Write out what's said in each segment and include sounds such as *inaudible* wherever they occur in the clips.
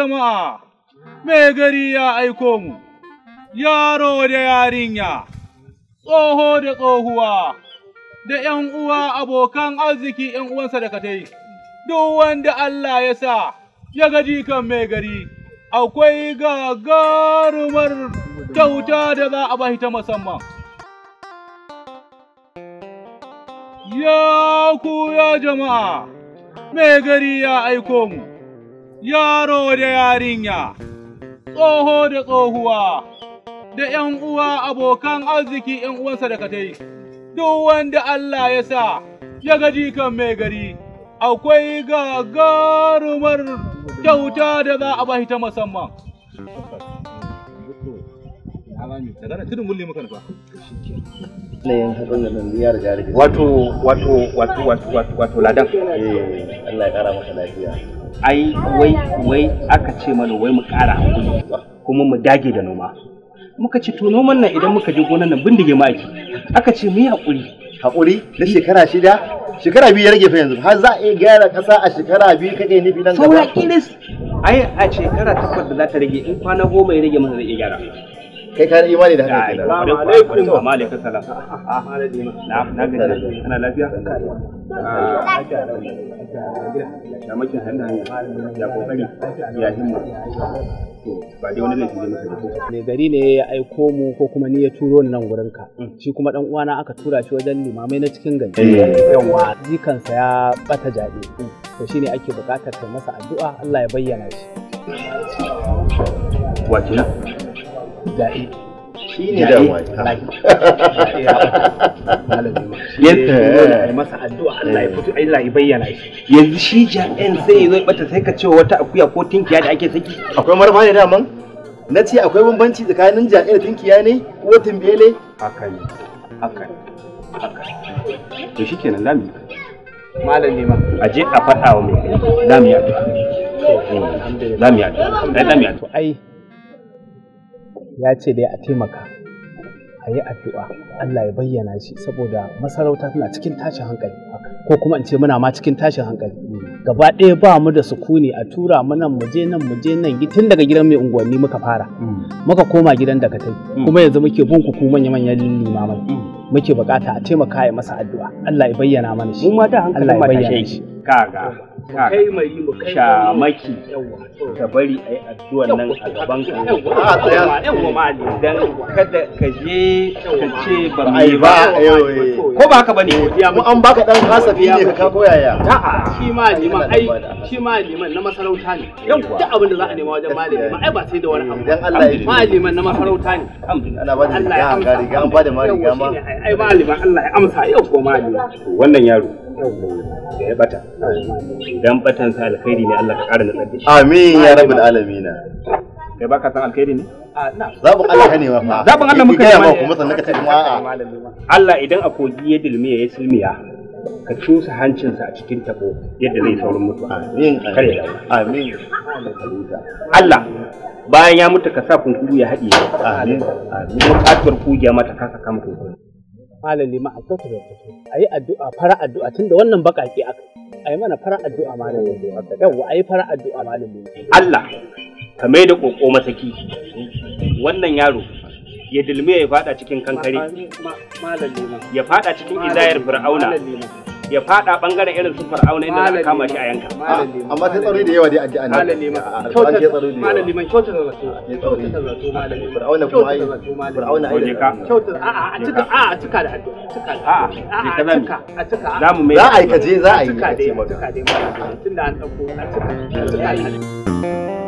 jama'a, mai gari ya aiko mu, yaro da yarinya, tsoho da tsohuwa, da ’yan uwa abokan arziki ’yan uwansa da katai, duk wanda Allah ya sa ya gaji kan mai gari, akwai gagarumar kyauta da za a bashi ta musamman. Ya ku ya jama'a, mai gari ya aiko mu. yaro da yarinya, tsoho da tsohuwa, da ’yan uwa abokan arziki ’yan uwansa da katai, duk wanda Allah ya sa ya gaji kan mai gari, akwai gagarumar kyauta da za a bashi ta musamman. Wato, wato, wato, wato, wato, ladan. Allah ya kara masa lafiya. ai wai wai aka ce mana wai mu kara hakuri kuma mu dage da noma muka ci to noman nan idan muka je gonan nan bindige ma ake aka ce mu yi hakuri hakuri na shekara shida shekara biyu ya rage fa yanzu har za a iya gyara ƙasa a shekara biyu kake nufi nan gaba saura A ai a shekara takwas da za ta rage in kwana goma ya rage mana zai iya gyara kai ka imani da haka kenan assalamu alaikum wa alaikum salam *laughs* na'am na gaji ana lafiya da ah, maki handa ya kokari ya himma ba dai wani laifi ne masa da me gari ne ya aiko mu ko kuma ni ya turo ni nan gurin ka mm. shi kuma dan uwana aka tura shi wajen limamai na cikin gari eh. yawa jikansa ya bata jabi, mm. to shine ake bukatar ta masa addu'a Allah ya bayyana shi wakina ga shi ne da wani *laughs* eh. eh. yanzu shi ja'en sai bata sai ka ce wata akuya ko tinkiya da ake saki akwai marfa ne daman na ce akwai bambanci tsakanin ja'en da tinkiya ne ko timbele haka ne haka ne to shikenan zamu ma aje a faɗa wa mai zamu yi addu'a zamu ai ya ce dai a taimaka a yi addu'a Allah ya bayyana shi saboda masarauta tana cikin tashin hankali haka ko kuma in ce muna ma cikin tashin hankali gaba ɗaya ba mu da sukuni a tura mu nan mu je nan mu je nan tun daga gidan mai unguwanni muka fara mm. muka koma gidan da tai mm. kuma yanzu muke bin ku manya manyan limamai mm. muke bukata a taimaka ya masa addu'a Allah ya bayyana mana shi mu ma da Allah ya bayyana shi kaga kai mai yi mu shamaki ka bari a yi nan a gaban ka a tsaya dan kada ka je ka ce ba mai ba ko ba haka bane mu an baka dan kasa biya ne ka koya ya a'a shi ma ai shi ma na masarauta ne dan duk abin da za a nema wajen ma ai ba sai da wani abu dan Allah ya maliman na masarauta ne Allah ba da riga ga riga an ba da ma ai maliman Allah ya amsa yau ko maliman wannan yaro da ya bata dan batan sa alkhairi ne Allah ka ƙara nasar da shi amin ya rabbul alamin kai baka san alkhairi ne zaɓin Allah ne ma zaɓin Allah muka yi ma kuma sannan ka ce ma Allah idan a kogi ya dilmiya ya silmiya ka cusa hancinsa a cikin tabo yadda zai saurin mutu amin kare da amin Allah bayan ya mutu ka sa kunkuru ya haɗe amin amin katuwar kugiya mata kasa saka kunkuru malami ma a kyautar da ayi addu'a fara addu'a tunda wannan ke aka yi mana fara addu'a Yau, a yi fara addu'a malami Allah ka mai da ƙoƙo masaki wannan yaro ya dilme ya fada cikin kankare ya fada cikin izayar fir'auna ya fada bangaren irin su fir'auna inda aka kama shi a yanka ah, amma sai tsaro da yawa dai addu'a ne malami man kyautar da zato fir'auna kuma ai fir'auna ai kyautar a a cika a a cika da addu'a cika da ah, a a cika a cika za mu mai za a yi kaje za a yi kaje maka tunda an dauko a cika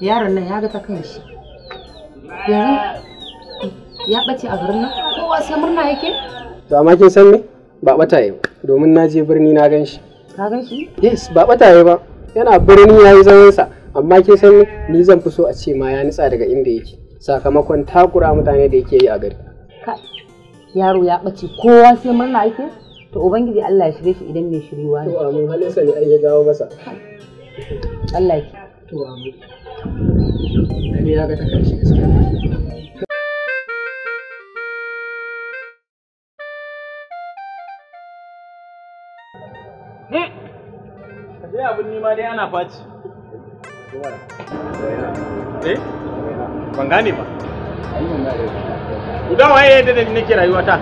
yaron nan ya ga ta shi, yanzu ya ɓace a garin nan kowa sai murna yake to amma kin san me ba ɓata yi domin na je birni na gan shi ka gan shi yes ba ɓata yi ba yana birni ya yi sa amma kin san ni zan fi so a ce ma ya nitsa daga inda yake sakamakon takura mutane da yake yi a gari yaro ya ɓace kowa sai murna yake to ubangiji Allah ya shirye shi idan mai shiriwa ne to amma halinsa ne ai ya gawo masa Allah ya to amma dani ya ga ta karshe gaskiya hmm. A abin nima dai ana Eh? Ban gane ba. Ku yadda da nake rayuwata.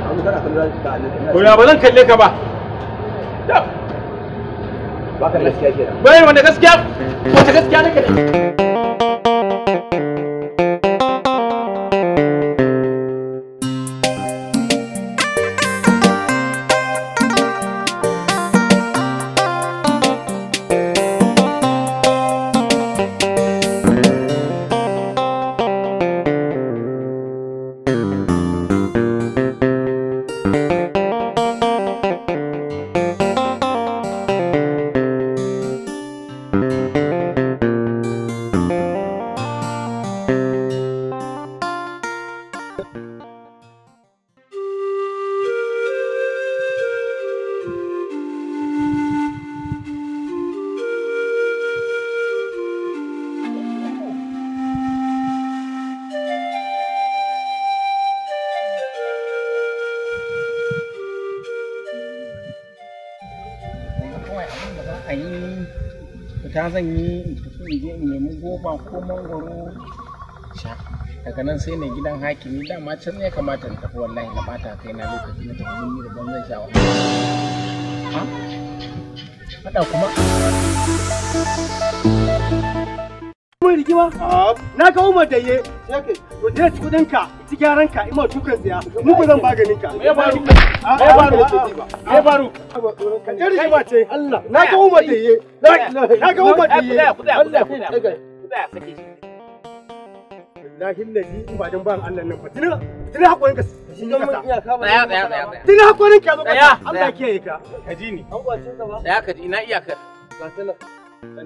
Ko ya ba zan kalle ka ba. baka gaskiya kenan bai wanda gaskiya wace gaskiya nake fita zan yi in tafi in je in nemi goba ko mangwaro sha daga nan sai na gidan hakimi dama can ne kamata in tafi wallahi na bata kai na lokaci na tafi ni da ban zan sha wahala Fada kuma mun rigima? Na ka umar da ye. To je ci kudin ka, ci gyaran ka, ima dukan tsaya. Mu ku zan maganin ka. Me faru? Me faru? Me faru? Ka rigima ce. Allah. Na ka umar da ye. Na ka umar da ye. Allah. Lahin da ji ba dan ban Allah nan ba. Tuna tuna hakurin ka. Tsaya tsaya tsaya. Tuna hakurin ka zo ka. Allah ka. Ka ji ni. ka ji ina iyakar. Ba